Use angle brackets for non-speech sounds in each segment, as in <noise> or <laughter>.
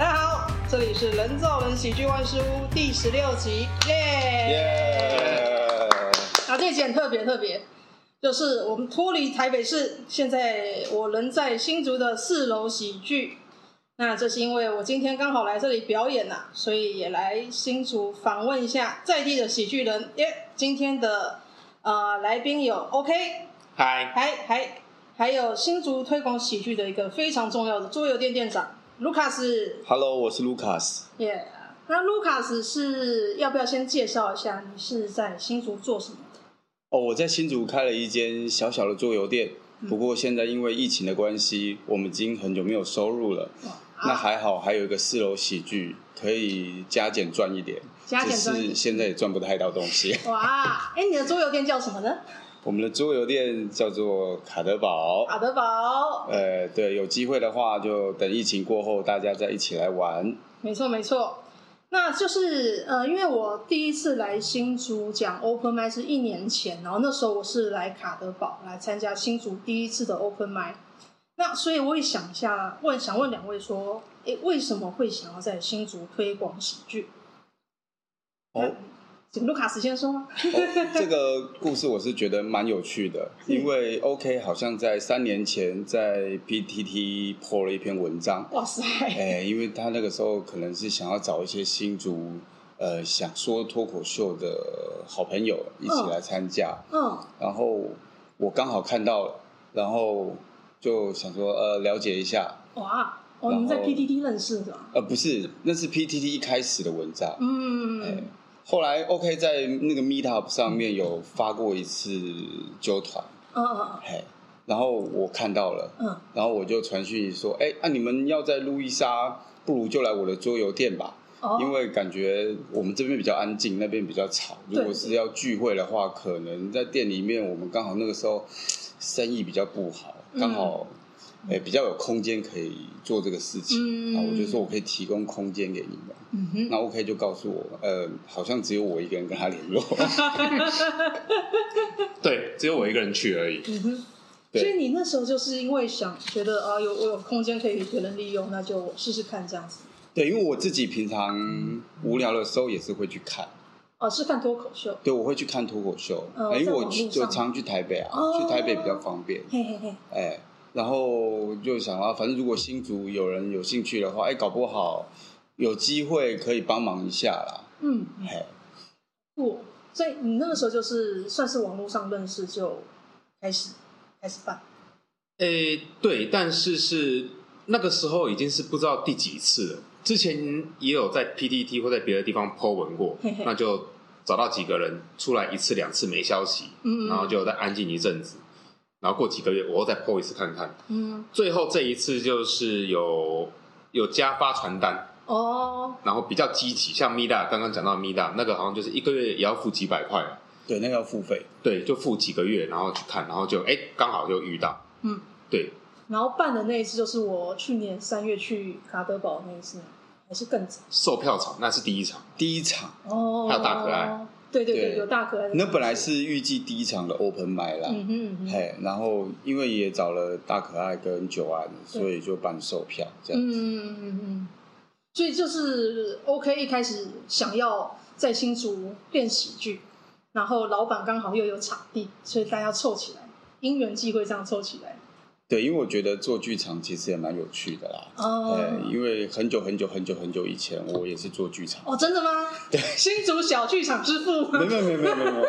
大家好，這裡是人造人喜劇萬事屋第十六集，耶、yeah!！Yeah! Yeah! 那這一集特別特別，就是我們脫離台北市，現在我人在新竹的肆樓喜劇。那這是因為我今天剛好來這裡表演吶、啊，所以也來新竹訪問一下在地的喜劇人。耶、yeah!！今天的呃來賓有 OK？嗨！嗨嗨，還有新竹推廣喜劇的一個非常重要的桌遊店店長。盧卡斯，Hello，我是盧卡斯。Yeah，那盧卡斯是要不要先介紹一下，你是在新竹做什麼的？哦，oh, 我在新竹開了一間小小的桌遊店，嗯、不過現在因為疫情的關係，我們已經很久沒有收入了。哇那還好，還有一個肆樓喜劇可以加減賺一點，加減賺只是現在也賺不太到東西。哇，哎，你的桌遊店叫什麼呢？我們的桌遊店叫做卡德堡。卡德堡。呃，對，有機會的話，就等疫情過後，大家再一起來玩。沒錯，沒錯。那就是呃，因為我第一次來新竹講 open 麥是一年前，然後那時候我是來卡德堡來參加新竹第一次的 open 麥。那所以我也想一下，問想問兩位說，誒，為什麼會想要在新竹推廣喜劇？好、哦。請盧卡斯先說嗎？Oh, 這個故事我是覺得蠻有趣的， <laughs> 因為 OK 好像在三年前在 PTT PO 了一篇文章，哇塞！哎、欸，因為他那個時候可能是想要找一些新竹，呃、想說脫口秀的好朋友一起來參加。嗯、哦。然後我剛好看到了，然後就想說呃了解一下。哇！哦，後你們在 PTT 認識是吧？呃，不是，那是 PTT 一開始的文章。嗯。欸後來，OK 在那個 Meetup 上面有發過一次揪團，uan, 嗯嘿，然後我看到了，嗯，然後我就傳訊說，哎、欸，那、啊、你們要在路易莎，不如就來我的桌遊店吧，哦、因為感覺我們這邊比較安靜，那邊比較吵。如果是要聚會的話，對對對可能在店裡面，我們剛好那個時候生意比較不好，剛好、嗯。比較有空間可以做這個事情，啊，我就說我可以提供空間給你們。那 OK 就告訴我，呃，好像只有我一個人跟他聯絡，對，只有我一個人去而已。所以你那時候就是因為想覺得啊，有我有空間可以給別人利用，那就試試看這樣子。對，因為我自己平常無聊的時候也是會去看，哦，是看脫口秀，對我會去看脫口秀，因為我去就常去台北啊，去台北比較方便。嘿嘿嘿，哎。然後就想啊，反正如果新竹有人有興趣的話，哎，搞不好有機會可以幫忙一下啦。嗯，嘿，所以你那個時候就是算是網絡上認識就開始開始辦。哎，對，但是是那個時候已經是不知道第幾次了。之前也有在 PTT 或在別的地方 Po 文過，嘿嘿，那就找到幾個人出來一次兩次沒消息，嗯，嗯，然後就再安靜一陣子。然後過幾個月，我又再 PO 一次看看。嗯。最後這一次就是有有加發傳單哦，然後比較積極。像 Mida 剛剛講到 Mida 那個，好像就是一個月也要付幾百塊。對，那個要付費。對，就付幾個月，然後去看，然後就哎，剛好就遇到。嗯，對。然後辦的那一次就是我去年三月去卡德堡那一次，還是更早。售票場那是第一場，第一場。哦。還有大可愛。.對對對，對有大可愛的。那本來是預計第一場的 Open Mic 啦嗯了，嗯，嘿，hey，然後因為也找了大可愛跟九安，對所以就辦售票這樣子。嗯，嗯嗯嗯嗯，所以就是 OK，一開始想要在新竹練喜劇，然後老闆剛好又有場地，所以大家湊起來，因緣際會這樣湊起來。對，因為我覺得做劇場其實也蠻有趣的啦。哦，因為很久很久很久很久以前，我也是做劇場。哦，真的嗎？對，新竹小劇場之父。沒有沒有沒有沒有，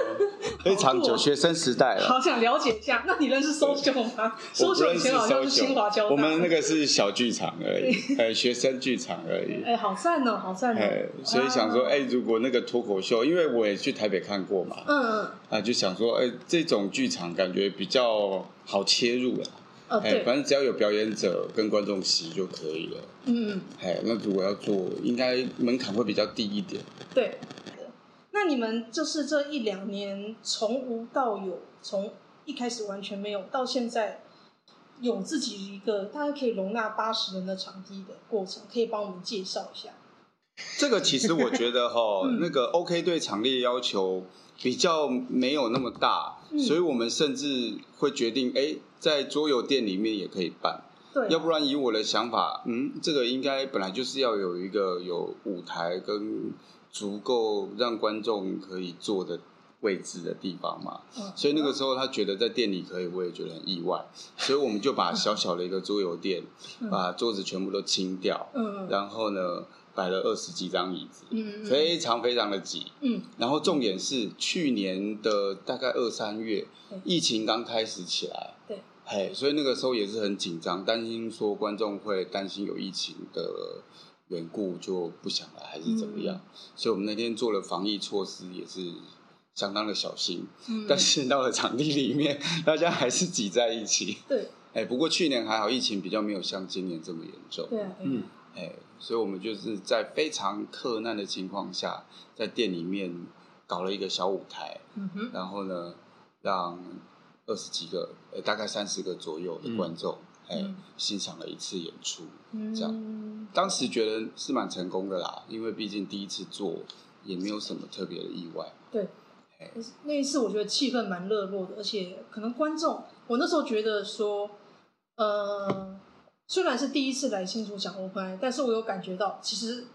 非常久學生時代了。好想了解一下，那你認識蘇九嗎？我認識蘇九，以前好像是新華交。我們那個是小劇場而已，呃，學生劇場而已。哎，好讚哦，好讚哦。所以想說，哎，如果那個脫口秀，因為我也去台北看過嘛。嗯嗯。啊，就想說，哎，這種劇場感覺比較好切入了。哦、反正只要有表演者跟觀眾席就可以了。嗯，那如果要做，應該門檻會比較低一點。對，那你們就是這一兩年從無到有，從一開始完全沒有，到現在有自己一個大概可以容納八十人的場地的過程，可以幫我們介紹一下？這個其實我覺得、哦 <laughs> 嗯、那個 OK 對場地的要求。比較沒有那麼大，嗯、所以我們甚至會決定，欸、在桌遊店裡面也可以辦。對要不然以我的想法，嗯，這個應該本來就是要有一個有舞台跟足夠讓觀眾可以坐的位置的地方嘛。哦、所以那個時候他覺得在店裡可以，我也覺得很意外，所以我們就把小小的一個桌遊店、哦、把桌子全部都清掉，嗯、然後呢。擺了二十幾張椅子，非常非常的擠。嗯，然後重點是去年的大概二三月，疫情剛開始起來，對，嘿，所以那個時候也是很緊張，擔心說觀眾會擔心有疫情的緣故就不想來，還是怎麼樣。所以我們那天做了防疫措施，也是相當的小心。嗯，但是到了場地裡面，大家還是擠在一起。對，哎，不過去年還好，疫情比較沒有像今年這麼嚴重。對，嗯。Hey, 所以我們就是在非常困難的情況下，在店裡面搞了一個小舞台，嗯、哼然後呢，讓二十幾個、欸，大概三十個左右的觀眾，哎、嗯，hey, 欣賞了一次演出。嗯、這樣，當時覺得是蠻成功的啦，因為畢竟第一次做，也沒有什麼特別的意外。對，hey, 那一次我覺得氣氛蠻熱絡的，而且可能觀眾，我那時候覺得說，呃。雖然是第一次來新竹講 open，但是我有感覺到，其實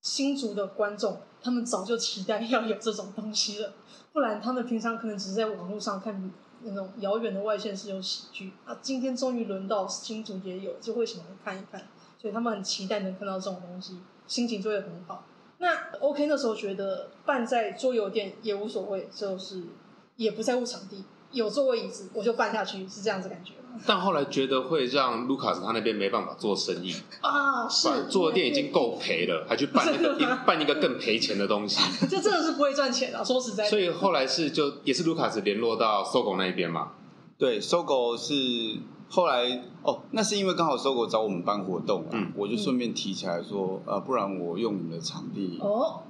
新竹的觀眾他們早就期待要有這種東西了，不然他們平常可能只是在網絡上看那種遙遠的外縣市有喜劇啊，今天終於輪到新竹也有，就會想看一看，所以他們很期待能看到這種東西，心情就會很好。那 OK 那時候覺得辦在桌遊店也無所謂，就是也不在乎場地，有座位椅子我就辦下去，是這樣子感覺。但後來覺得會讓 Lucas 他那邊沒辦法做生意啊。是、欸、做的店已經夠賠了，還去辦那個一辦一個更賠錢的東西， <laughs> 這真的是不會賺錢的、啊，說實在的。所以後來是就也是 Lucas 聯絡到 SOGO 那邊嘛，對，SOGO 是後來哦，那是因為剛好 SOGO 找我們辦活動、啊，嗯，我就順便提起來說，呃，不然我用你們的場地、哦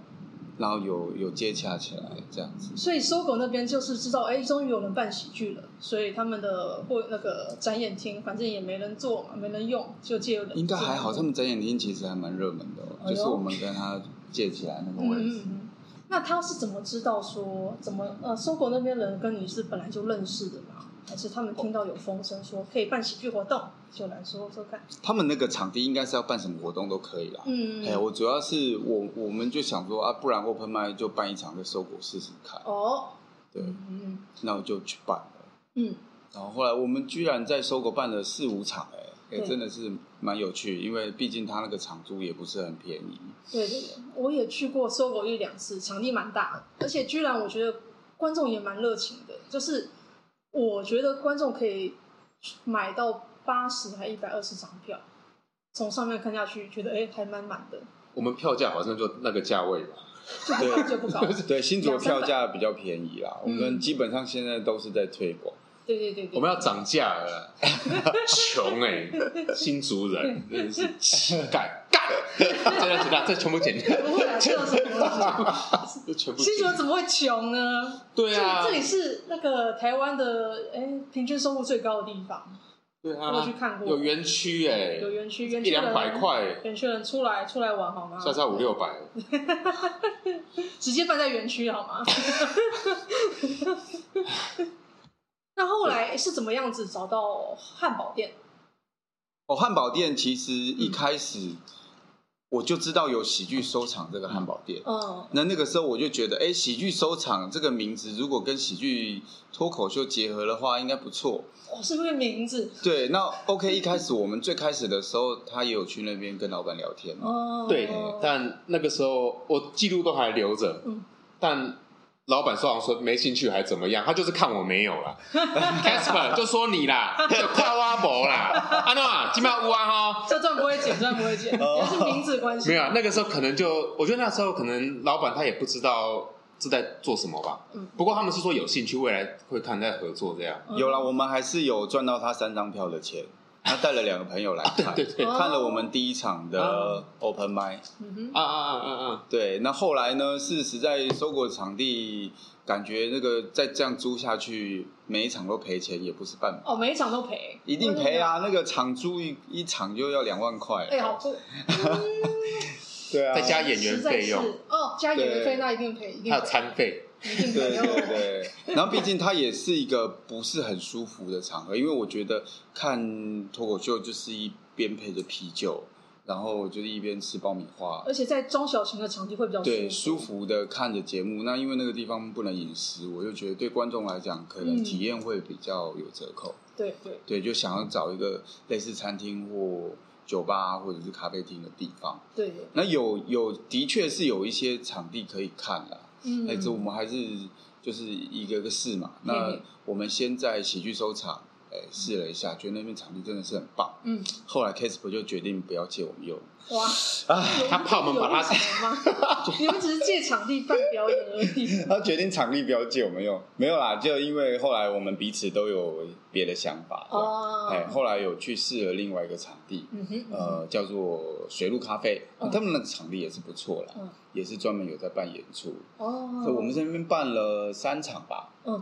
然後有有接洽起來這樣子，所以搜狗那邊就是知道，哎，終於有人辦喜劇了，所以他們的或那個展演廳，反正也沒人做嘛，沒人用，就借了。應該還好，他們展演廳其實還蠻熱門的、哦，哎喲就是我們跟他借起來那個位置，嗯嗯嗯。那他是怎麼知道說怎麼呃搜狗那邊人跟你是本來就認識的嘛？還是他們聽到有風聲說可以辦喜劇活動，就來說說看。他們那個場地應該是要辦什麼活動都可以啦、嗯。嗯，哎，我主要是我我們就想說啊，不然我 open mic 就辦一場在 SOGO 試試看。哦。對。嗯，那我就去辦了。嗯。然後後來我們居然在 SOGO 辦了四五場、欸，哎對、欸，真的是蠻有趣，因為畢竟他那個場租也不是很便宜。對對對，我也去過 SOGO 一兩次，場地蠻大，而且居然我覺得觀眾也蠻熱情的，就是。我覺得觀眾可以買到八十還一百二十張票，從上面看下去，覺得哎、欸、還蠻滿的。我們票價好像就那個價位吧，對， <laughs> 就不高， <laughs> 對，新竹的票價比較便宜啦。 <laughs> 嗯、我們基本上現在都是在推廣。對對對對，我們要漲價了，窮哎、 <laughs> <laughs> 欸，新竹人、真是乞丐。 <laughs> <laughs> 這全部剪掉。不會、啊，新新竹怎麼會窮呢？對啊，所以這裡是那個台灣的哎、欸，平均收入最高的地方。對啊，我去看過，有園區哎，有園區，園區一兩百塊，園區人出來出來玩好嗎？相差五六百， <laughs> 直接辦在園區好嗎？ <laughs> <laughs> <laughs> 那後來是怎麼樣子找到漢堡店？哦，漢堡店其實一開始、嗯。我就知道有喜劇收場這個漢堡店。哦、嗯，那那個時候我就覺得，哎、欸，喜劇收場這個名字，如果跟喜劇脫口秀結合的話應該，應該不錯。哦，是不是名字？對，那 OK，一開始嗯嗯我們最開始的時候，他也有去那邊跟老闆聊天。哦，對，但那個時候我記錄都還留着。嗯，但。老闆說：“好像說沒興趣還怎麼樣？他就是看我沒有啦 Casper 就說你啦，誇哇博啦，安諾 <laughs> 啊，啊，今麥烏啊哦，這賺不會減，賺不會減，也是名字關係。沒有、啊、那個時候可能就，我覺得那時候可能老板他也不知道是在做什麼吧。不過他們是說有興趣，未來會看待合作這樣。有了，我們還是有賺到他三張票的錢。他帶了兩個朋友來看，看了我們第一場的 open mic。啊啊啊啊啊！對，那後來呢，是實在收購場地，感覺那個再這樣租下去，每一場都賠錢也不是辦法。哦，每一場都賠，一定賠啊！那個場租一一場就要兩萬塊，哎，好貴。對啊，再加演員費用，哦，加演員費那一定賠，一定要還有餐費。 <laughs> 對對對，然後畢竟它也是一個不是很舒服的場合，因為我覺得看脫口秀就是一邊配着啤酒，然後就是一邊吃爆米花，而且在中小型的場地會比較舒服，對，舒服的看着節目。那因為那個地方不能飲食，我就覺得對觀眾來講，可能體驗會比較有折扣。對對對，就想要找一個類似餐廳或酒吧或者是咖啡廳的地方。對，那有有的確是有一些場地可以看啦。哎、嗯欸，這我們還是就是一個個試嘛。嗯、那我們先在喜劇收場試了一下，覺得那邊場地真的是很棒。嗯，後來 Casper 就決定不要借我們用。哇！哎，他怕我們把他，你們只是借場地辦表演而已。他決定場地不要借我們用，沒有啦，就因為後來我們彼此都有別的想法。哦。哎，後來有去試了另外一個場地，呃，叫做水路咖啡，他們的場地也是不錯了，也是專門有在辦演出。哦。我們在那邊辦了三場吧。嗯。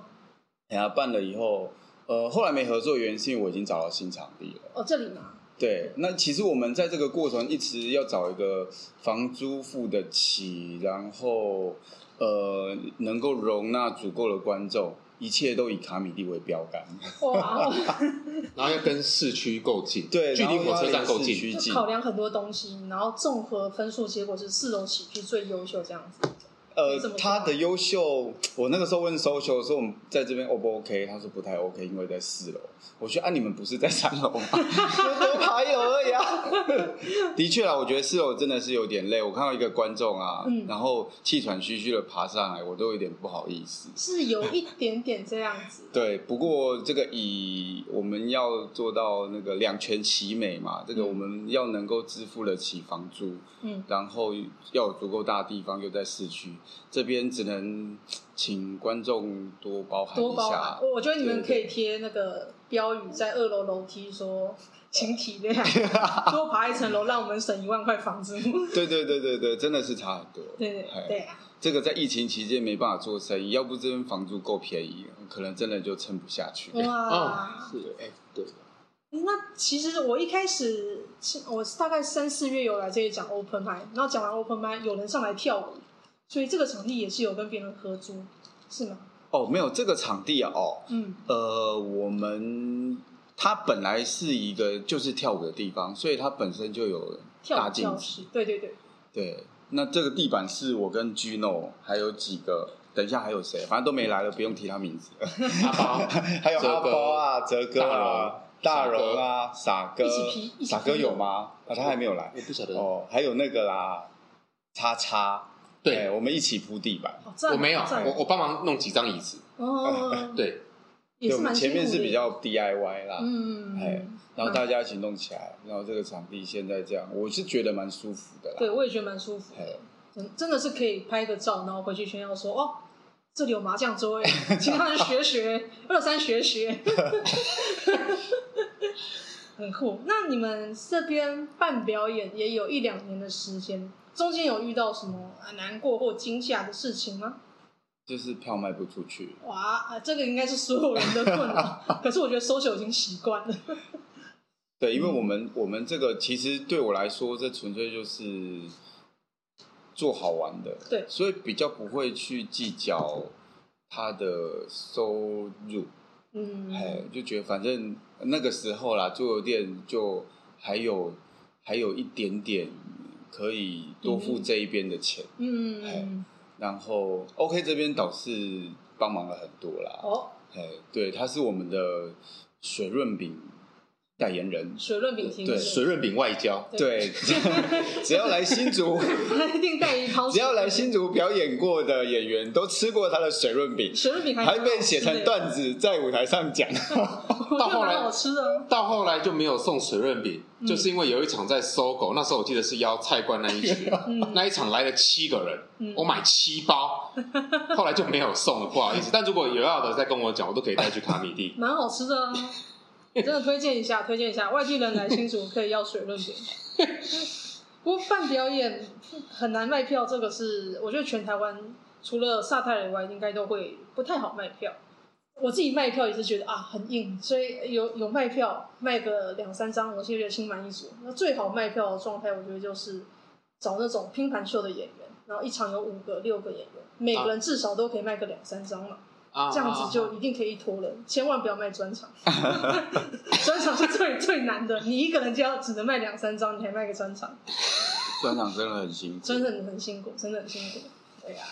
然後辦了以後。呃，後來沒合作的原因是，因為我已經找到新場地了。哦，這裡嗎？對，那其實我們在這個過程一直要找一個房租付得起，然後呃能夠容納足夠的觀眾，一切都以卡米地為標杆。哇！ <laughs> 然後要跟市區夠近，對，距離火車站夠近，就考量很多東西，然後綜合分數結果是四樓喜劇最優秀，這樣子。呃，他的優秀，我那個時候問 social 說我們在這邊 O、哦、不 OK？他說不太 OK，因為在四樓。我說啊，你們不是在三樓嗎？ <laughs> <laughs> 爬有而已啊。的確啦，我覺得四樓真的是有點累。我看到一個觀眾啊，嗯、然後氣喘吁吁的爬上來，我都有點不好意思。是有一點點這樣子。 <laughs> 對，不過這個以我們要做到那個兩全其美嘛，這個我們要能夠支付得起房租，嗯，然後要有足夠大的地方又，又在市區。這邊只能請觀眾多包涵一下含。我覺得你們可以貼那個標語在二樓樓梯，說對對對對，請體諒， <laughs> 多爬一層樓，讓我們省一萬塊房租。對對對對，真的是差很多。對對對，嘿對，啊，這個在疫情期間沒辦法做生意，要不這邊房租夠便宜，可能真的就撐不下去。哇，哦，是哎，欸，對。那其實我一開始，我是大概三四月有來這裡講 open mic，然後講完 open mic 有人上來跳舞。所以這個場地也是有跟別人合租，是嗎？哦，沒有這個場地啊，哦，嗯，呃，我們它本來是一個就是跳舞的地方，所以它本身就有了大鏡子，對對對，對。那這個地板是我跟 Gino 還有幾個，等一下還有誰？反正都沒來了，嗯、不用提他名字了。阿、啊、寶 <laughs> 還有阿波啊，折哥大榮大啊，大榮啊，傻哥，傻哥，一起批，一起批的，傻哥有嗎？啊，他還沒有來，我，我不曉得哦。還有那個啦，叉叉。對，我們一起鋪地板，哦、我沒有，了我我幫忙弄幾張椅子。哦， <laughs> 對，也是的前面是比較 DIY 啦，嗯，哎，然後大家一起弄起來，啊、然後這個場地現在這樣，我是覺得蠻舒服的啦。對我也覺得蠻舒服，真對對真的是可以拍個照，然後回去炫耀說，哦，這裡有麻將桌誒、欸，其他人學學 <laughs> 二三學學。 <laughs> 很酷。那你們這邊辦表演也有一兩年的時間，中間有遇到什麼啊，難過或驚嚇的事情嗎？就是票賣不出去。哇啊，這個應該是所有人的困擾。 <laughs> 可是我覺得收起已經習慣了。對，因為我們我們這個其實對我來說，這純粹就是做好玩的。對，所以比較不會去計較他的收入。嗯，哎，就覺得反正。那個時候啦，桌遊店，就還有還有一點點可以多付這一邊的錢，嗯，嗯，然後 OK 這邊倒是幫忙了很多啦，哦，哎，對，他是我們的水潤餅。代言人水潤餅心，對水潤餅外交，對，只要來新竹，只要來新竹表演過的演員都吃過他的水潤餅，水潤餅還被寫成段子在舞台上講。到後來到後來就沒有送水潤餅，就是因為有一場在 SOGO，那時候我記得是邀菜冠那一場，那一場來了七個人，我買七包，後來就沒有送了，不好意思。但如果有要的，再跟我講，我都可以帶去卡米地。蠻好吃的啊。 <laughs> 真的推薦一下，推薦一下，外地人來新竹可以要水潤餅。 <laughs> 不過辦表演很難賣票，這個是我覺得全台灣除了薩泰爾以外，應該都會不太好賣票。我自己賣票也是覺得啊很硬，所以有有賣票賣個兩三張，我就覺得心滿意足。那最好賣票的狀態，我覺得就是找那種拼盤秀的演員，然後一場有五個、六個演員，每個人至少都可以賣個兩三張嘛。啊這樣子就一定可以拖人，啊啊啊啊，千萬不要賣專場，專 <laughs> 場是最 <laughs> 最難的。你一個人就要只能賣兩三張，你還賣個專場，專場真的很辛苦，真的很辛苦，真的很辛苦。對呀、啊，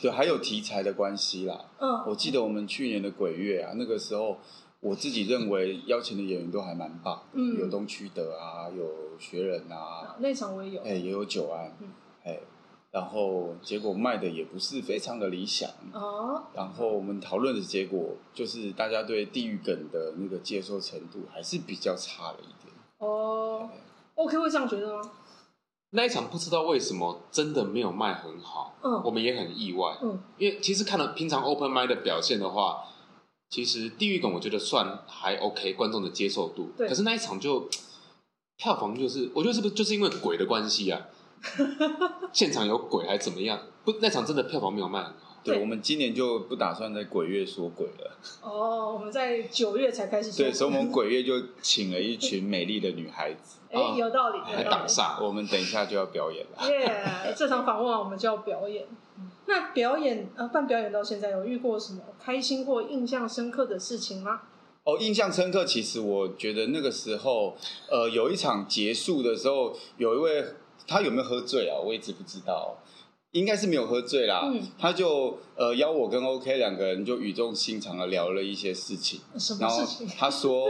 對，還有題材的關係啦。嗯，我記得我們去年的《鬼月》啊，嗯、那個時候我自己認為邀請的演員都還蠻棒，嗯、有東區德啊，有學人啊，啊那場我也有，哎、欸，也有九安，哎、嗯。欸然後結果賣的也不是非常的理想哦。然後我們討論的結果就是，大家對地獄梗的那個接受程度還是比較差了一點哦。OK，會這樣覺得嗎？那一場不知道為什麼真的沒有賣很好，嗯，我們也很意外，嗯，因為其實看了平常 Open Mic 的表現的話，其實地獄梗我覺得算還 OK，觀眾的接受度，對。可是那一場就票房就是，我覺得是不是就是因為鬼的關係啊？ <laughs> 現場有鬼還怎麼樣？不，那場真的票房沒有賣。對，對我們今年就不打算在鬼月說鬼了。哦，oh, 我們在九月才開始說鬼。對，所以我們鬼月就請了一群美麗的女孩子。哎、 <laughs> 欸，有道理。來打煞，我們等一下就要表演了。Yeah, <laughs> 這場訪問我們就要表演。那表演呃，辦表演到現在有遇過什麼開心或印象深刻的事情嗎？哦，oh, 印象深刻。其實我覺得那個時候，呃，有一場結束的時候，有一位。他有沒有喝醉啊？我一直不知道。哦，應該是沒有喝醉啦。嗯、他就呃邀我跟 OK 兩個人就語重心長的聊了一些事情。什麼事情？然後他說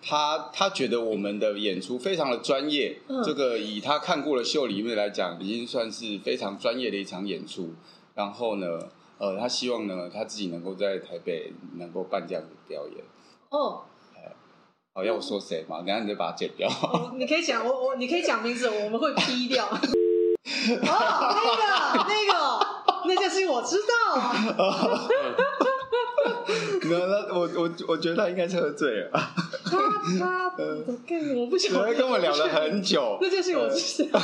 他他覺得我們的演出非常的專業，嗯、這個以他看過的秀裡面來講，已經算是非常專業的一場演出。然後呢，呃，他希望呢他自己能夠在台北能夠辦這樣的表演。哦。好、哦、要我說誰嘛？等下你就把它剪掉。哦。你可以講，我我你可以講名字，我們會 P 掉。 <laughs> 哦，那個那個，那件事情我知道。哈哈哈我我我覺得他應該是喝醉了。他他， <laughs> 我不想跟 <laughs> 我聊了很久。 <laughs> 那件事情我知道。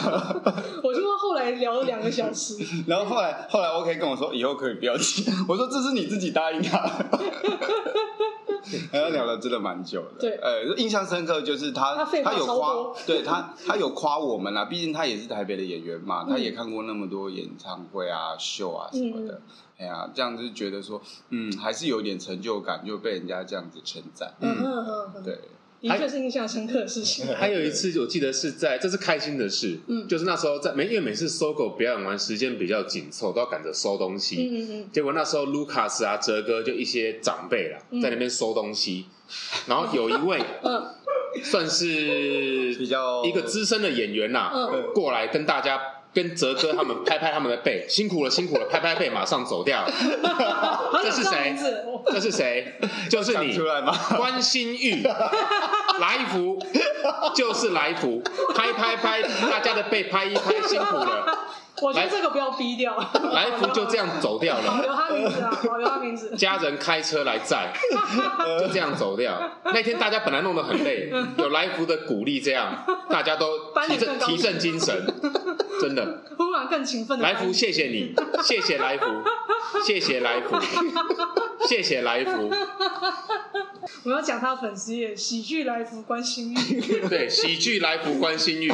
對 <laughs> 我就後來聊了兩個小時。然後後來後來，歐 K 跟我說以後可以不要剪。 <laughs> 我說這是你自己答應他。 <laughs> 哎， <laughs> 他聊了真的蠻久的對。對、欸，印象深刻就是他，他，他有誇， <laughs> 對他，他有誇我們啦、啊。畢竟他也是台北的演員嘛，嗯、他也看過那麼多演唱會啊、嗯、秀啊什麼的。哎呀、啊，這樣子覺得說，嗯，還是有點成就感，就被人家這樣子稱讚。嗯嗯，對。的確是印象深刻的事情，哎。還有一次，我記得是在，這是開心的事，嗯，就是那時候在，每因為每次 SOGO 表演完，時間比較緊湊，都要趕着收東西，嗯嗯，嗯，結果那時候 Lucas 啊，折哥就一些長輩啦，嗯、在那邊收東西，然後有一位，嗯，算是比較一個資深的演員吶、啊，較啊、過來跟大家。跟折哥他們拍拍他們的背，辛苦了辛苦了，拍拍背，馬上走掉。這是誰？這是誰？就是你，關心玉，來福，就是來福，拍拍拍，大家的背拍，拍一拍，辛苦了。我覺得這個不要逼掉，來福就這樣走掉了， <laughs> 保留他名字啊，保留他名字。家人開車來載，就這樣走掉。 <laughs> 那天大家本來弄得很累，有來福的鼓勵，這樣大家都提升提升精神，真的。突 <laughs> 然更勤奮，來福謝謝你，謝謝來福。謝謝來福，謝謝來福。 <laughs> <laughs> 我要講他的粉絲耶，喜劇來福關心玉。 <laughs> 對，喜劇來福關心玉。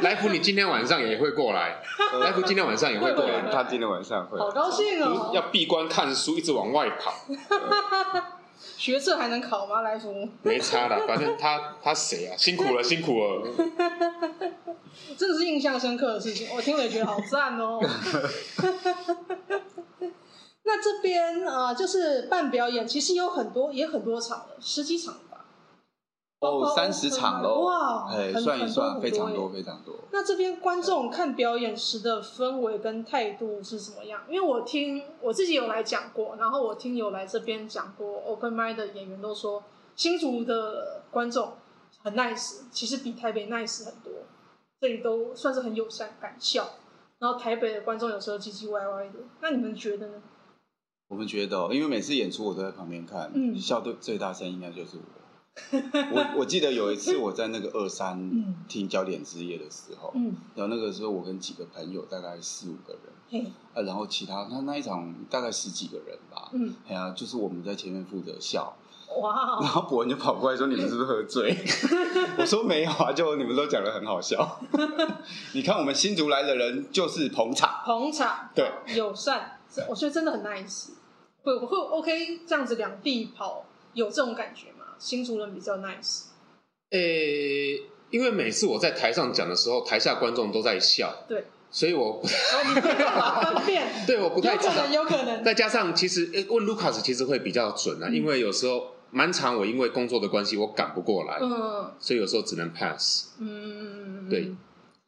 來福，你今天晚上也會過來？來 <laughs> 福今天晚上也會過來，他今天晚上會。 <laughs> 好高興哦、喔！要閉關看書，一直往外跑。 <laughs> 學測還能考嗎？來福，沒差的，反正他他誰啊？ <laughs> 辛苦了，辛苦了。 <laughs> 真的是印象深刻的事情，我聽了來覺得好讚哦、喔。 <laughs> <laughs> 那這邊啊，就是辦表演，其實有很多，也很多場了，十幾場。哦，三十場嘍！哇，哎，算一算，非常多，非常多。那這邊觀眾看表演時的氛圍跟態度是怎麼樣？因為我聽我自己有來講過，然後我聽有來這邊講過，open mic 的演員都說，新竹的觀眾很 nice，其實比台北 nice 很多，這裡都算是很友善，敢笑。然後台北的觀眾有時候唧唧歪歪的，那你們覺得呢？我們覺得，因為每次演出我都在旁邊看，嗯，笑得最大聲應該就是我。 <laughs> 我我記得有一次我在那個二三聽焦點之夜的時候，嗯、然後那個時候我跟幾個朋友大概四五個人，嘿啊，然後其他他那一場大概十幾個人吧，哎呀、嗯啊，就是我們在前面負責笑，哇、哦，然後博文就跑過來說，你們是不是喝醉？嗯、 <laughs> 我說沒有啊，就你們都講得很好笑。 <laughs> 你看我們新竹來的人就是捧場，捧場，對，友善算，是我覺得真的很 nice 是。不會會 OK 這樣子兩地跑有這種感覺嗎？新竹人比較 nice，呃、欸，因為每次我在台上講的時候，台下觀眾都在笑，對，所以我，不太、哦、方便 <laughs> 對，我不太知道有可能，再加上其實、欸、問 Lucas 其實會比較準啊，嗯、因為有時候蠻常，我因為工作的關係我趕不過來，嗯，所以有時候只能 pass，嗯，對。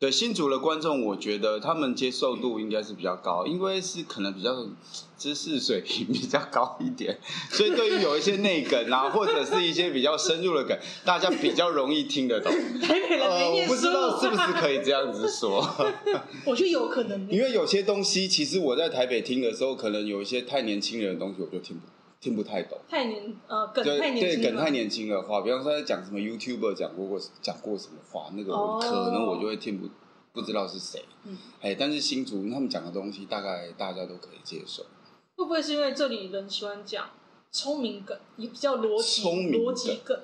對新竹的觀眾，我覺得他們接受度應該是比較高，因為是可能比較知識水平比較高一點，所以對於有一些內梗啊，或者是一些比較深入的梗，大家比較容易聽得懂。台北的呃，我不知道是不是可以這樣子說，我覺得有可能有，因為有些東西其實我在台北聽的時候，可能有一些太年輕人的東西，我就聽不懂。聽不太懂。太年呃梗太年輕對梗太年輕的話，比方說他講什麼 YouTuber 講過過講過什麼話，那個、哦、可能我就會聽不不知道是誰。嗯，哎、欸，但是新竹人他們講的東西，大概大家都可以接受。會不會是因為這裡人喜歡講聰明梗，也比較邏輯聰明邏輯梗？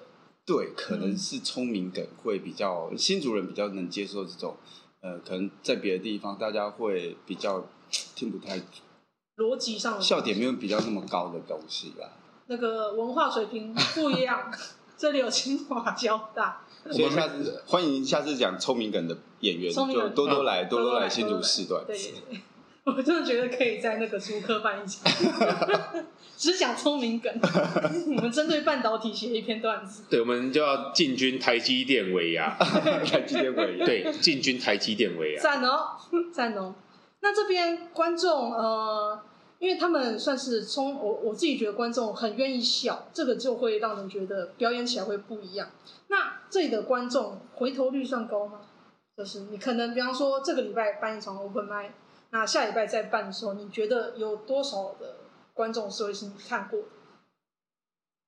對，可能是聰明梗會比較新竹人比較能接受這種，呃，可能在別的地方大家會比較聽不太。邏輯上，笑點沒有比較那麼高的東西吧那個文化水平不一樣，這裡有清華、交大，所以下次歡迎下次講聰明梗的演員，就多多來，多多來，新竹肆樓。對，我真的覺得可以在那個竹科辦一下只講聰明梗。我們針對半導體寫一篇段子，對，我們就要進軍台積電尾牙，台積電尾牙，對，進軍台積電尾牙，讚哦，讚哦。那這邊觀眾，呃。因為他們算是從我，我自己覺得觀眾很願意笑，這個就會讓人覺得表演起來會不一樣。那這裡的觀眾回頭率算高嗎？就是你可能比方說這個禮拜辦一場 Open 麥，那下禮拜再辦的時候，你覺得有多少的觀眾是會是你看過？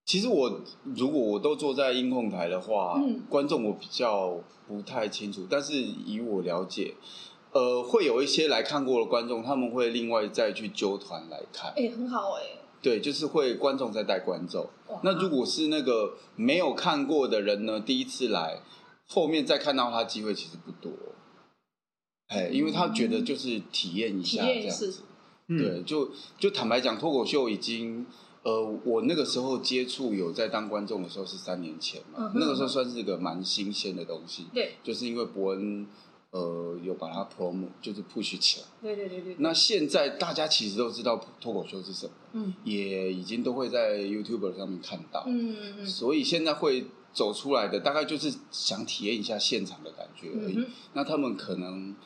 其實我如果我都坐在音控台的話，嗯，觀眾我比較不太清楚，但是以我了解。呃，會有一些來看過的觀眾，他們會另外再去揪團來看。哎、欸，很好哎、欸。對，就是會觀眾再帶觀眾。哇那如果是那個沒有看過的人呢？嗯、第一次來，後面再看到他機會其實不多。哎、欸，因為他覺得就是體驗一下這樣。嗯體嗯、對，就就坦白講，脫口秀已經，呃，我那個時候接觸有在當觀眾的時候是三年前嘛，嗯、那個時候算是個蠻新鮮的東西。對，就是因為博恩。呃，有把它 promote，就是 push 起來。對對對對。那現在大家其實都知道脫口秀是什麼，嗯，也已經都會在 YouTube 上面看到，嗯嗯、嗯，所以現在會走出來的，大概就是想體驗一下現場的感覺而已。嗯嗯，那他們可能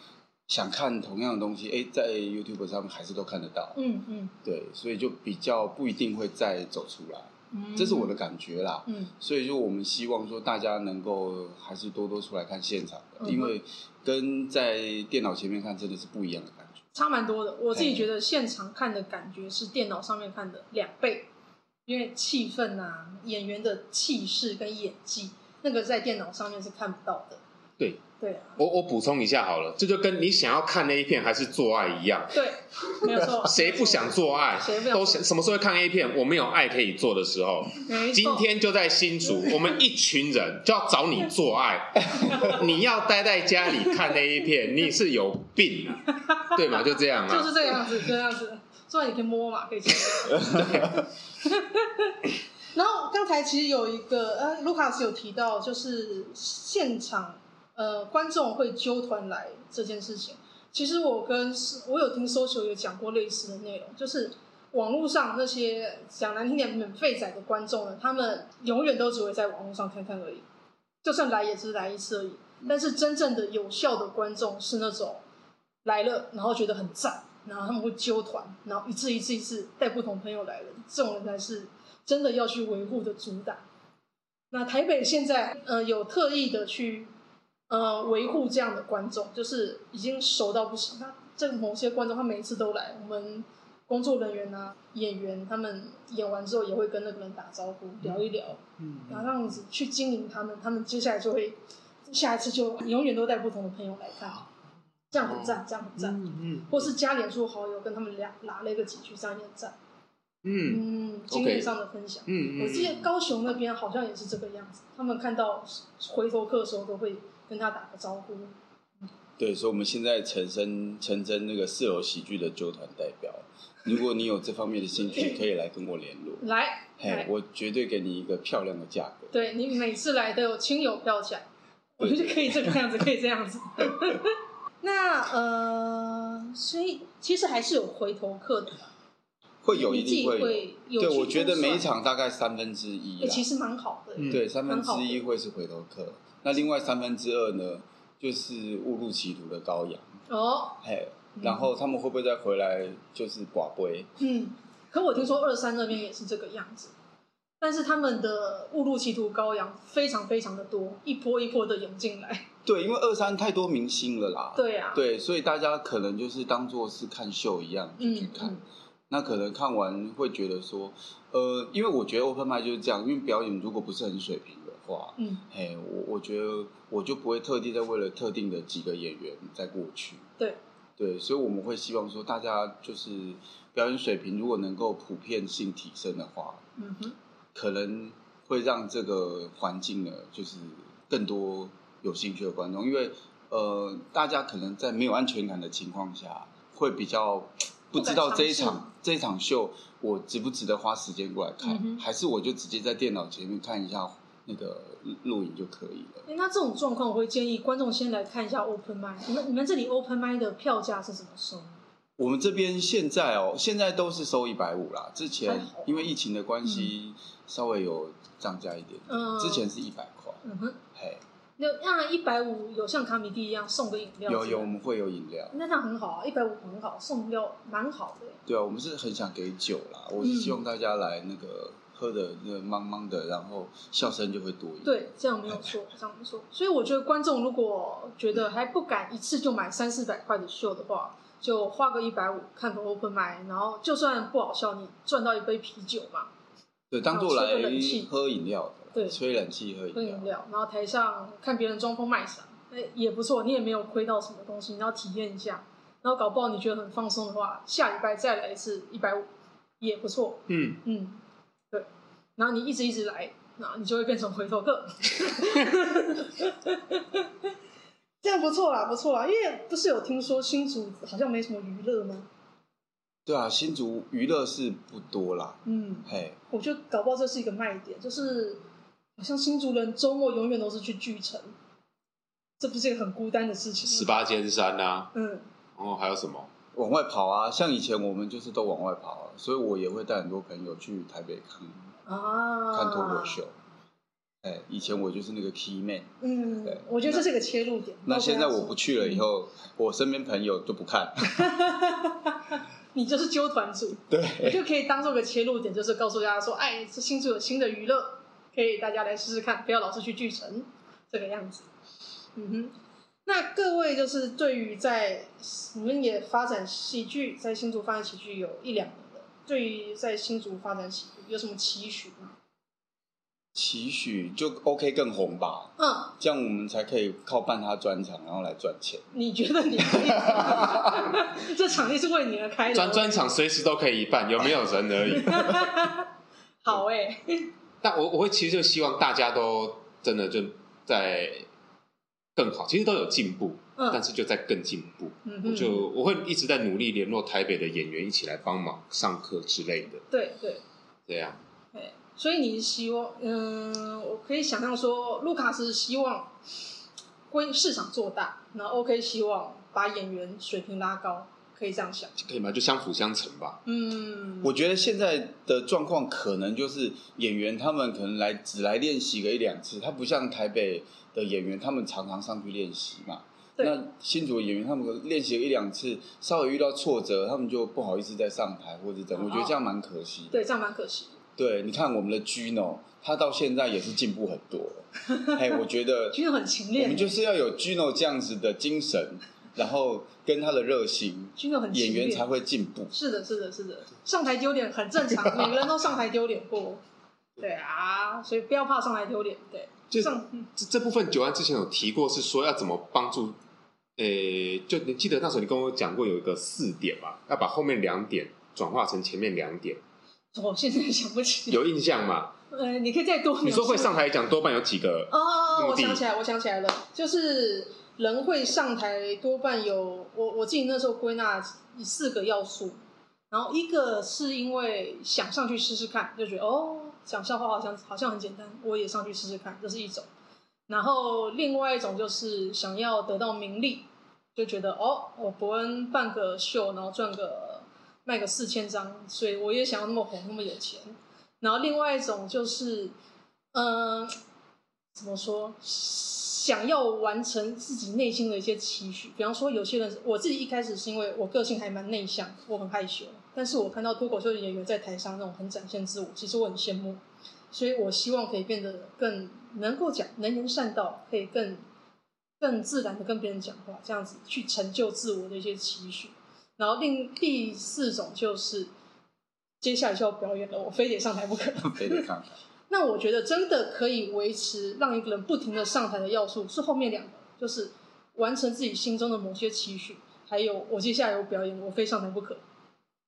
想看同樣的東西，哎、欸，在 YouTube 上面還是都看得到，嗯嗯。對，所以就比較不一定會再走出來，嗯嗯嗯，這是我的感覺啦。嗯、嗯。所以就我們希望說，大家能夠還是多多出來看現場的，嗯嗯因為。跟在電腦前面看真的是不一樣的感覺，差蠻多的。我自己覺得現場看的感覺是電腦上面看的兩倍，因為氣氛，啊、演員的氣勢跟演技，那個在電腦上面是看不到的。對。我我補充一下好了，這就跟你想要看那一片還是做愛一樣。對，沒錯。誰不想做愛？誰不想？都想什麼時候看 A 片？我沒有愛可以做的時候，今天就在新竹，我們一群人就要找你做愛。你要待在家裡看那一片，你是有病啊？對嗎？就這樣啊，就是這樣子，這樣子。做完你可以摸嘛，可以。然後剛才其實有一個呃，Lucas 有提到，就是現場。呃，觀眾會揪團來這件事情，其實我跟我有聽 Social 也講過類似的內容，就是網絡上那些講難聽點免費仔的觀眾呢，他們永遠都只會在網絡上看看而已，就算來也只是來一次而已。但是真正的有效的觀眾是那種來了，然後覺得很讚，然後他們會揪團，然後一次一次一次帶不同朋友來的，這種人才是真的要去維護的主打。那台北現在呃有特意的去，呃，維護這樣的觀眾，就是已經熟到不行。那這某些觀眾，他每一次都來，我們工作人員呢、啊、演員，他們演完之後也會跟那個人打招呼聊一聊，嗯，然後這樣子去經營他們，他們接下來就會下一次就永遠都帶不同的朋友來看，這樣很讚，嗯、這樣很讚，嗯，嗯或是加臉書好友，跟他們聊，拿那個幾句這樣也很讚，嗯，經驗上的分享，嗯，okay, 嗯我記得高雄那邊好像也是這個樣子，他們看到回頭客的時候都會。跟他打個招呼。對，所以我們現在陳生陳真那個肆樓喜劇的劇團代表，如果你有這方面的興趣， <laughs> 可以來跟我聯絡。來，嘿來我絕對給你一個漂亮的價格。對，你每次來都有親友票起來對我覺得可以這個樣子，可以這樣子。 <laughs> <laughs> 那呃，所以其實還是有回頭客的，會有，一定會有。對，我覺得每一場大概三分之一、欸，其實蠻好的。嗯、對，三分之一會是回頭客。那另外三分之二呢，就是誤入歧途的羔羊哦，嘿，oh, hey, 然後他們會不會再回來，就是寡婦？嗯，可我聽說二三那邊也是這個樣子，對但是他們的誤入歧途羔羊非常非常的多，一波一波的湧進來。對，因為二三太多明星了啦，對啊。對，所以大家可能就是當做是看秀一樣就去看，嗯嗯，那可能看完會覺得說，呃，因為我覺得 open 麥就是這樣，因為表演如果不是很水平。話，嗯嘿，我我覺得我就不會特地在為了特定的幾個演員在過去對對，所以我們會希望說大家就是表演水平如果能夠普遍性提升的話，嗯哼，可能會讓這個環境呢就是更多有興趣的觀眾，因為呃大家可能在沒有安全感的情況下會比較不知道這一場、這一場秀我值不值得花時間過來看？嗯哼，還是我就直接在電腦前面看一下。那個錄影就可以了。欸、那這種狀況，我會建議觀眾先來看一下 open mic。你們你們這裡 open mic 的票價是怎麼收？我們這邊現在哦，現在都是收一百五啦。之前因為疫情的關係，稍微有漲價一點點。嗯，之前是一百塊。嗯哼，嘿，那那一百五有像卡米地一樣送個飲料？有有，我們會有飲料。那那很好啊，一百五很好，送飲料蠻好的。對啊，我們是很想給酒啦，我是希望大家來那個。嗯喝的那茫茫的，然後笑聲就會多一點。對，這樣沒有錯，唉唉這樣沒錯。所以我覺得觀眾如果覺得還不敢一次就買三四百塊的秀的話，就花個一百五看個 open mic 然後就算不好笑，你賺到一杯啤酒嘛。對，當作來喝飲料對吹冷氣喝飲料。對，吹冷氣喝飲料。然後台上看別人裝瘋賣傻，哎也不錯，你也沒有虧到什麼東西，你要體驗一下。然後搞不好你覺得很放鬆的話，下禮拜再來一次一百五也不錯。嗯嗯。嗯然後你一直一直來，那你就會變成回頭客。 <laughs> 這樣不錯啦，不錯啊！因為不是有聽說新竹好像沒什麼娛樂嗎？對啊，新竹娛樂是不多啦。嗯，嘿 Hey，我就搞不好這是一個賣點，就是好像新竹人周末永遠都是去巨城，這不是一個很孤單的事情嗎？十八尖山啊，嗯，哦，還有什麼？往外跑啊，像以前我們就是都往外跑了，所以我也會帶很多朋友去台北看。啊，看脫口秀，哎、欸，以前我就是那個 key man。嗯，對。我覺得這是個切入點。那，那現在我不去了以後，嗯、我身邊朋友就不看， <laughs> 你就是揪團主，對，我就可以當做個切入點，就是告訴大家說，哎，這新竹有新的娛樂，可以大家來試試看，不要老是去巨城這個樣子。嗯哼，那各位就是對於在你們也發展喜劇，在新竹發展喜劇有一兩年。對於在新竹發展起有什麼期許嗎？期許就 OK 更紅吧。嗯，這樣我們才可以靠辦他專場，然後來賺錢。你覺得你可以。 <laughs> <laughs> 這場地是為你而開的？專專場隨時都可以辦，有沒有人而已。 <laughs> 好哎、欸， <laughs> 但我我會其實就希望大家都真的就在更好，其實都有進步。嗯，但是就在更進步，嗯，哼我就我會一直在努力聯絡台北的演員一起來幫忙上課之類的。對對，對啊。對樣，所以你希望，嗯，我可以想象說，盧卡斯希望規市場做大，那 OK，希望把演員水平拉高，可以這樣想，可以嗎？就相輔相成吧。嗯，我覺得現在的狀況可能就是演員他們可能來只來練習個一兩次，他不像台北的演員，他們常常上去練習嘛。對那新組的演員，他們練習了一兩次，稍微遇到挫折，他們就不好意思再上台，或者怎？Oh. 我覺得這樣蠻可惜。對，這樣蠻可惜。對，你看我們的 Gino，他到現在也是進步很多。哎， <laughs> hey, 我覺得 Gino 很勤練。我們就是要有 Gino 這樣子的精神，然後跟他的熱心。Gino 很勤練。演員才會進步。是的，是的，是的，上台丟臉很正常， <laughs> 每個人都上台丟臉過。對啊，所以不要怕上台丟臉。對，就上、嗯、這這部分，九安之前有提過，是說要怎麼幫助。呃、欸，就你記得那時候你跟我講過有一個四點嘛，要把後面兩點轉化成前面兩點。我、哦，、現在想不起，有印象嘛？嗯、呃，你可以再多，你說會上台講多半有幾個？哦，我想起來，我想起來了，就是人會上台多半有，我我自己那時候歸納四個要素，然後一個是因為想上去試試看，就覺得哦，講笑話好像好像很簡單，我也上去試試看，這是一種。然後，另外一種就是想要得到名利，就覺得哦，我博恩辦個秀，然後賺個賣個四千張，所以我也想要那麼紅，那麼有錢。然後，另外一種就是，嗯、呃，怎麼說？想要完成自己內心的一些期許。比方說，有些人，我自己一開始是因為我個性還蠻內向，我很害羞，但是我看到脫口秀演員在台上那種很展現自我，其實我很羨慕。所以我希望可以變得更能夠講，能言善道，可以更更自然的跟別人講話，這樣子去成就自我的一些期許。然後另第四種就是，接下來就要表演了，我非得上台不可，非得上台。那我覺得真的可以維持讓一個人不停的上台的要素是後面兩個，就是完成自己心中的某些期許，還有我接下來有表演，我非上台不可，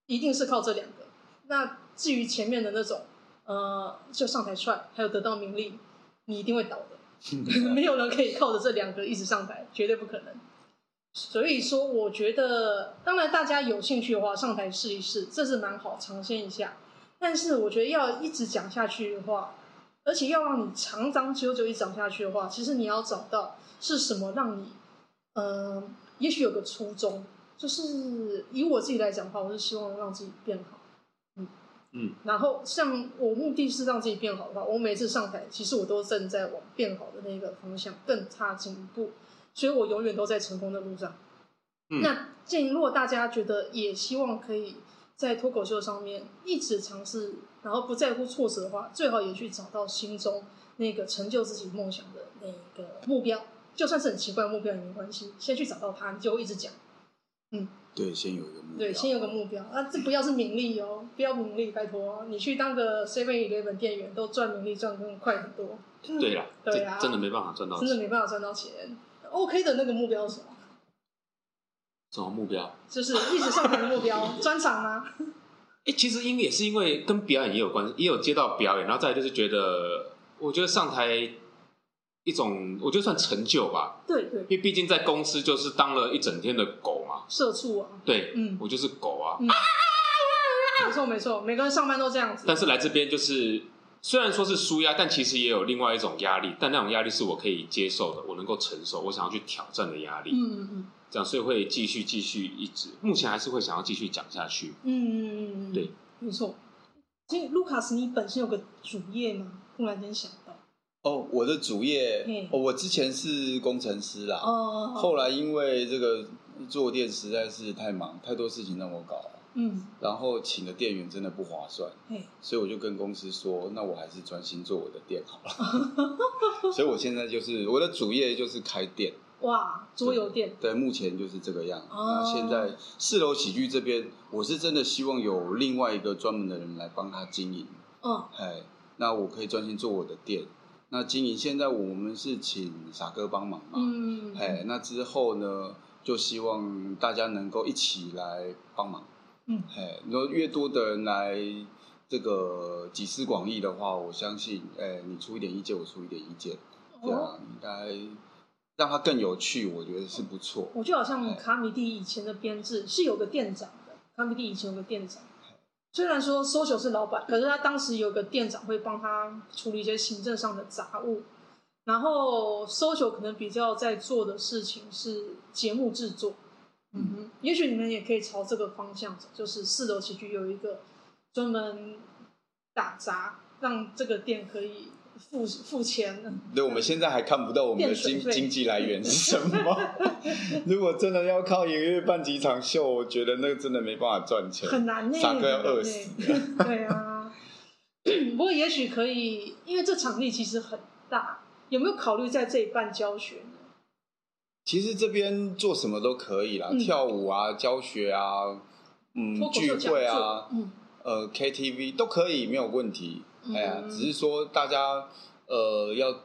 一定是靠這兩個。那至於前面的那種。呃，就上台帥，還有得到名利，你一定會倒的。嗯、 <laughs> 沒有人可以靠着這兩個一直上台，絕對不可能。所以說，我覺得，當然大家有興趣的話，上台試一試，這是蠻好，嘗鮮一下。但是，我覺得要一直講下去的話，而且要讓你長長久久一直講下去的話，其實你要找到是什麼讓你，嗯、呃，也許有個初衷，就是以我自己來講的話，我是希望讓自己變好。嗯、然後像我目的是讓自己變好的話，我每次上台，其實我都正在往變好的那個方向更差進一步，所以我永遠都在成功的路上。嗯，那建議如果大家覺得也希望可以在脫口秀上面一直嘗試，然後不在乎挫折的話，最好也去找到心中那個成就自己夢想的那個目標，就算是很奇怪的目標也沒關係，先去找到它，你就一直講。嗯。對，先有一個目標。對，先有個目標啊！這不要是名利哦，不要不名利，拜托你去當個 seven eleven 店員，都賺名利賺的更快很多。對啦啦，對啊，真的沒辦法賺到。真的沒辦法賺到錢。的到錢 OK 的那個目標是什麼？什麼目標？就是一直上台的目標， <laughs> 專場嗎？哎、欸，其實因為也是因為跟表演也有關係，也有接到表演，然後再來就是覺得，我覺得上台。一種，我就算成就吧。對，對對，因為畢竟在公司就是當了一整天的狗嘛，社畜啊。對，嗯，我就是狗啊。嗯、沒錯沒錯，每個人上班都這樣子。但是來這邊就是，對，雖然說是舒壓，但其實也有另外一種壓力，但那種壓力是我可以接受的，我能夠承受，我想要去挑戰的壓力。嗯嗯嗯，這樣所以會繼續繼續一直，目前還是會想要繼續講下去。嗯嗯嗯，嗯對，沒錯。其實 Lucas，你本身有個主業嗎？忽然間想。哦，oh, 我的主業，Hey. oh, 我之前是工程師啦，哦，oh, oh, oh, oh. 後來因為這個做店實在是太忙，太多事情讓我搞，嗯，mm. 然後請的店員真的不划算，Hey. 所以我就跟公司說，那我還是專心做我的店好了。 <laughs> <laughs> 所以我現在就是我的主業就是開店，哇、wow,，桌遊店，對，目前就是這個樣子。啊，oh. 現在肆樓喜劇這邊，我是真的希望有另外一個專門的人來幫他經營，哦，oh. hey, 那我可以專心做我的店。那經營現在我們是請折哥幫忙嘛，嗯嗯嗯嗯嘿，那之後呢，就希望大家能夠一起來幫忙，嗯嘿，如果越多的人來這個集思廣益的話，我相信，哎，你出一點意見，我出一點意見，哦、這樣應該讓它更有趣，我覺得是不錯。我覺得好像卡米蒂以前的編制嘿是有個店長的，卡米蒂以前有個店長。雖然說 Social 是老闆，可是他當時有個店長會幫他處理一些行政上的雜物，然後 Social 可能比較在做的事情是節目製作，嗯哼，也許你們也可以朝這個方向走，就是四樓喜劇有一個專門打雜，讓這個店可以。付付錢的，對，我們現在還看不到我們的經經濟來源是什麼。 <laughs> 如果真的要靠一個月辦幾場秀，我覺得那個真的沒辦法賺錢，很難，那個折哥要餓死。難 <laughs> 對啊， <laughs> 不過也許可以，因為這場地其實很大，有沒有考慮在這裡辦教學呢？其實這邊做什麼都可以啦，嗯、跳舞啊，教學啊，嗯，不不聚會啊，嗯，呃，KTV 都可以，沒有問題。哎呀，只是說大家呃要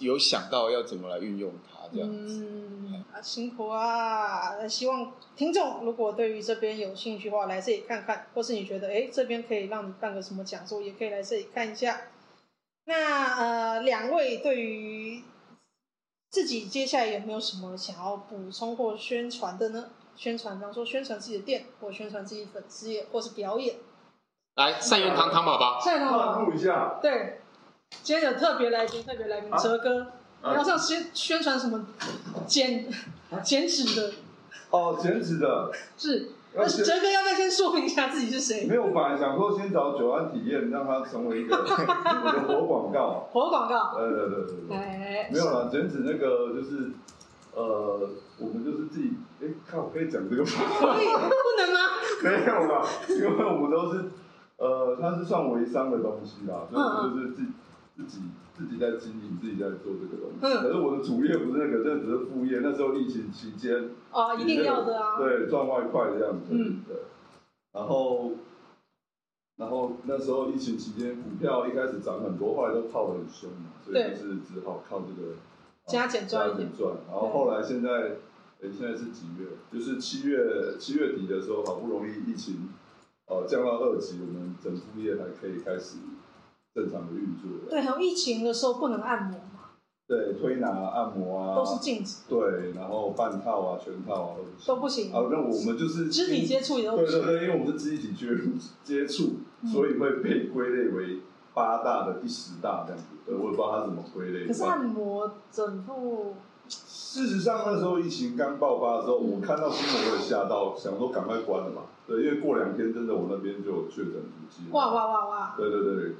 有想到要怎麼來運用它這樣子。啊、嗯，哎、辛苦啊！那希望聽眾如果對於這邊有興趣的話，來這裡看看；或是你覺得哎這邊可以讓你辦個什麼講座，也可以來這裡看一下。那呃，兩位對於自己接下來有沒有什麼想要補充或宣傳的呢？宣傳，比如說宣傳自己的店，或宣傳自己的粉絲頁，或是表演。來，善源堂湯寶寶，善源堂互動一下。對，今天有特別來賓，特別來賓哲哥，你要先宣宣傳什麼減減脂的？哦，減脂的。是，那哲哥要不要先說明一下自己是誰？沒有辦法，想說先找九安體驗，讓它成為一個我的活廣告。活廣告。對哎，沒有了，減脂那個就是呃，我們就是自己，哎，看我可以講這個嗎？可以，不能嗎？沒有了，因為我們都是。呃，它是算微商的東西啦，嗯啊、所以我就是自己、嗯啊、自己自己在經營，自己在做這個東西。嗯。可是我的主業不是那個，這只是副業。那時候疫情期間。哦，一定要的啊。對，賺外快這樣子。嗯。對。然後，然後那時候疫情期間，股票一開始漲很多，後來都套得很凶嘛，所以就是只好靠這個加減賺。加減賺。然後後來現在，哎對、欸，現在是幾月？就是七月七月底的時候，好不容易疫情。降到二級，我們整復業還可以開始正常的運作。對，還有疫情的時候不能按摩嘛？對，對推拿、按摩啊，都是禁止。對，然後半套啊、全套啊，都不行。啊，那我們就是肢體接觸也都對對對，因為我們是肢體接觸、嗯、接觸，所以會被歸類為八大的第十大這樣子對。我也不知道他怎麼歸類。可是按摩整復。事實上，那時候疫情剛爆發的時候，我看到新聞我也嚇到，想說趕快關了嘛。對，因為過兩天真的我那邊就有確診無機。哇哇哇哇！對對對，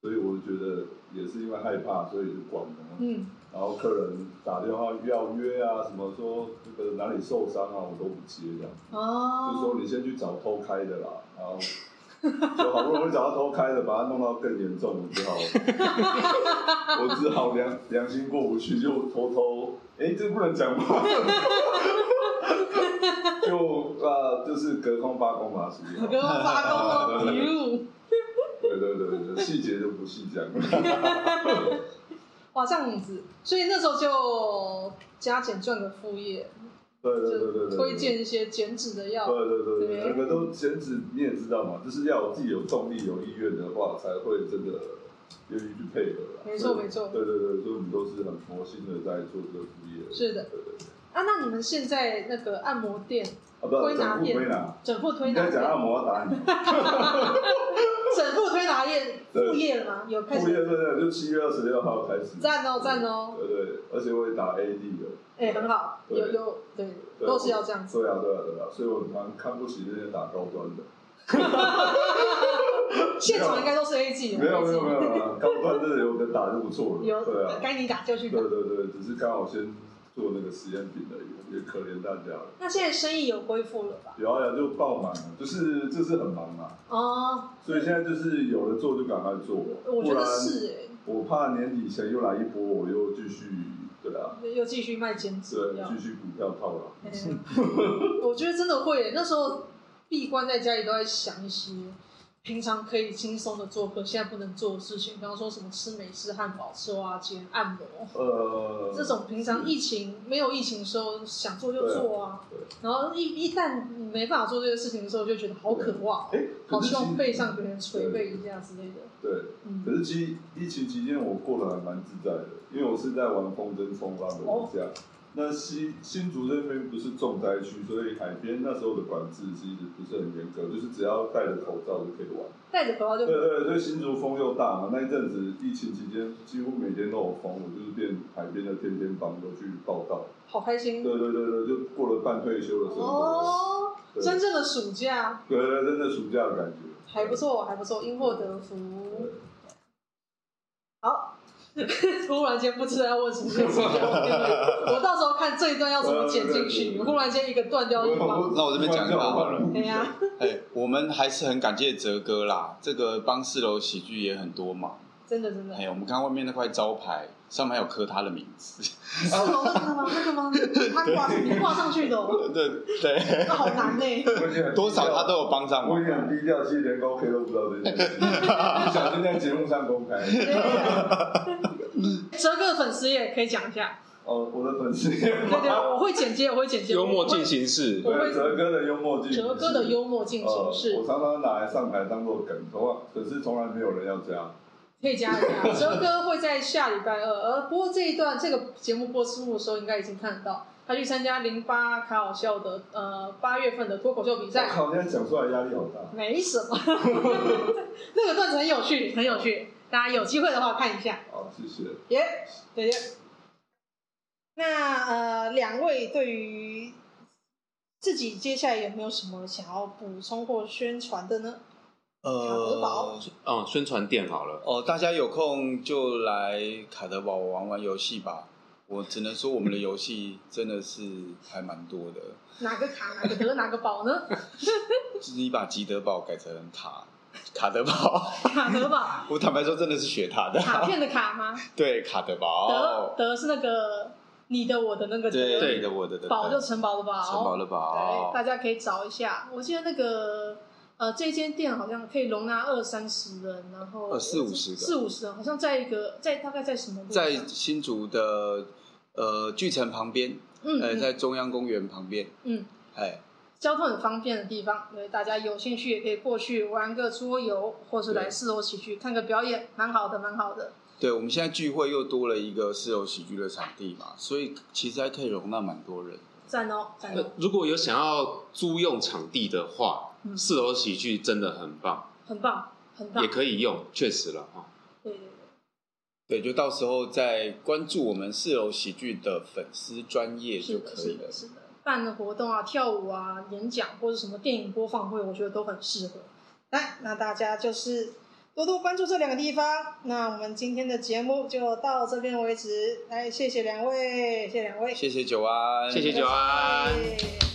所以我覺得也是因為害怕，所以就關了。嗯。然後客人打電話要約啊，什麼說這個哪裡受傷啊，我都不接這樣。哦。就說你先去找偷開的啦，然後。就好不容易找到偷開的，把它弄到更嚴重了，只好， <laughs> 我只好良良心過不去，就偷偷，哎，這不能講話 <laughs> 就啊、呃，就是隔空發功嘛，是隔空發功了，對 <laughs> 對對對，細節就不細講了， <laughs> 哇，這樣子，所以那時候就加減賺個副業。對對對對對，推薦一些減脂的藥。對對對對，對對對整個都減脂，你也知道嘛，就是要自己有動力、有意願的話，才會真的願意去配合啦。沒錯沒錯。對對對，所以我們都是很佛心的在做這個副業。是的。對對對。啊，那你們現在那個按摩店，啊、不推拿店，推拿，整復推拿，你要講按摩，打你。 <laughs> <laughs> 整復推拿業，副業了嗎？有開始？副業，對對對，就七月二十六號開始。讚哦，讚哦。對對，而且我也打 AD 的。哎，很好，有有，對，都是要這樣子。對啊，對啊，對啊，所以我蠻看不起那些打高端的。現場應該都是 AD，沒有沒有沒有，高端真的有個打就不錯了。有對啊，該你打就去打。對對對，只是剛好先。做那個實驗品而已，也可憐大家了。那現在生意有恢復了吧？有呀，就爆滿了，就是這是很忙嘛。哦。所以現在就是有了做就趕快做，我覺得是，不然、欸、我怕年底前又來一波，我又繼續。對啊，又繼續賣兼職，對，繼續股票套牢。欸、 <laughs> 我覺得真的會、欸，那時候閉關在家裡都在想一些。平常可以輕鬆的做，可現在不能做的事情，比方說什麼吃美式漢堡、吃蛙煎、按摩，呃，這種平常疫情是沒有疫情的時候想做就做啊，啊然後一一旦沒辦法做這個事情的時候，就覺得好渴望、喔，對好希望背上給人捶背一下之類的。對，對嗯、可是其實疫情期間我過得還蠻自在的，因為我是在玩風箏衝浪的玩家。哦那新新竹這邊不是重災區，所以海邊那時候的管制其實不是很嚴格，就是只要戴着口罩就可以玩。戴著口罩就可以。對對對，所以新竹風又大嘛，那一陣子疫情期間幾乎每天都有風，我就是變海邊的天天幫都去報到、道。好開心。對對對對，就過了半退休的時候。哦。對真正的暑假。對、對對，真的暑假的感覺。還不錯，還不錯，因禍得福。 <laughs> 突然間不知道要問什麼 <laughs> 我，我到時候看這一段要怎麼剪進去。忽然間一個斷掉，那我這邊講一下。 <laughs> 對呀、啊，哎，hey, 我們還是很感謝折哥啦。這個幫肆樓喜劇也很多嘛。真的真的，哎我們看外面那塊招牌，上面還有刻他的名字。四樓那個嗎？那個嗎？他掛，他掛上去的。對對，那好難呢。多少他都有幫上。我已經很低調，其實連歐 K 都不知道這件事，不小心在節目上公開。折哥的粉絲也可以講一下。哦，我的粉絲，也對對，我會剪接，我會剪接。幽默進行式，折哥的幽默，折哥的幽默進行式。我常常拿來上台當做梗，頭啊，可是從來沒有人要這樣。可以加一下，折哥會在下禮拜二。呃，不過這一段這個節目播出的時候，應該已經看得到他去參加零八卡奧笑的呃八月份的脫口秀比賽。好像講出來壓力好大。沒什麼， <laughs> <laughs> 那個段子很有趣，很有趣。大家有機會的話看一下。好，謝謝。耶、yeah, yeah.，對耶。那呃，兩位對於自己接下來有沒有什麼想要補充或宣傳的呢？呃，嗯，宣傳店好了。哦，大家有空就來卡德堡玩玩遊戲吧。我只能說，我們的遊戲真的是還蠻多的。哪個卡？哪個德？哪個堡呢？你把吉德堡改成卡卡德堡。卡德堡，我坦白說，真的是學他的。卡片的卡嗎？對，卡德堡。德德是那個你的我的那個。對，你的我的的。堡就城堡的堡。城堡的堡。對，大家可以找一下。我記得那個。呃，這間店好像可以容納二三十人，然後呃四五十個四五十人，好像在一個在大概在什麼地方，在新竹的呃巨城旁邊，嗯，嗯、呃，在中央公園旁邊，嗯，哎，交通很方便的地方，對，大家有興趣也可以過去玩個桌遊，或是來肆樓喜劇對看個表演，蠻好的，蠻好的。對，我們現在聚會又多了一個肆樓喜劇的場地嘛，所以其實還可以容納蠻多人，讚哦讚。如果有想要租用場地的話。嗯、四樓喜劇真的很棒，很棒，很棒，很棒，也可以用，確實了，對，對，對，對，對就到時候再關注我們四樓喜劇的粉絲專頁就可以了。辦的活動啊，跳舞啊，演講或者什麼電影播放會，我覺得都很適合。來，那大家就是多多關注這兩個地方。那我們今天的節目就到這邊為止。來，謝謝兩位，謝謝兩位，謝謝九安，謝謝九安。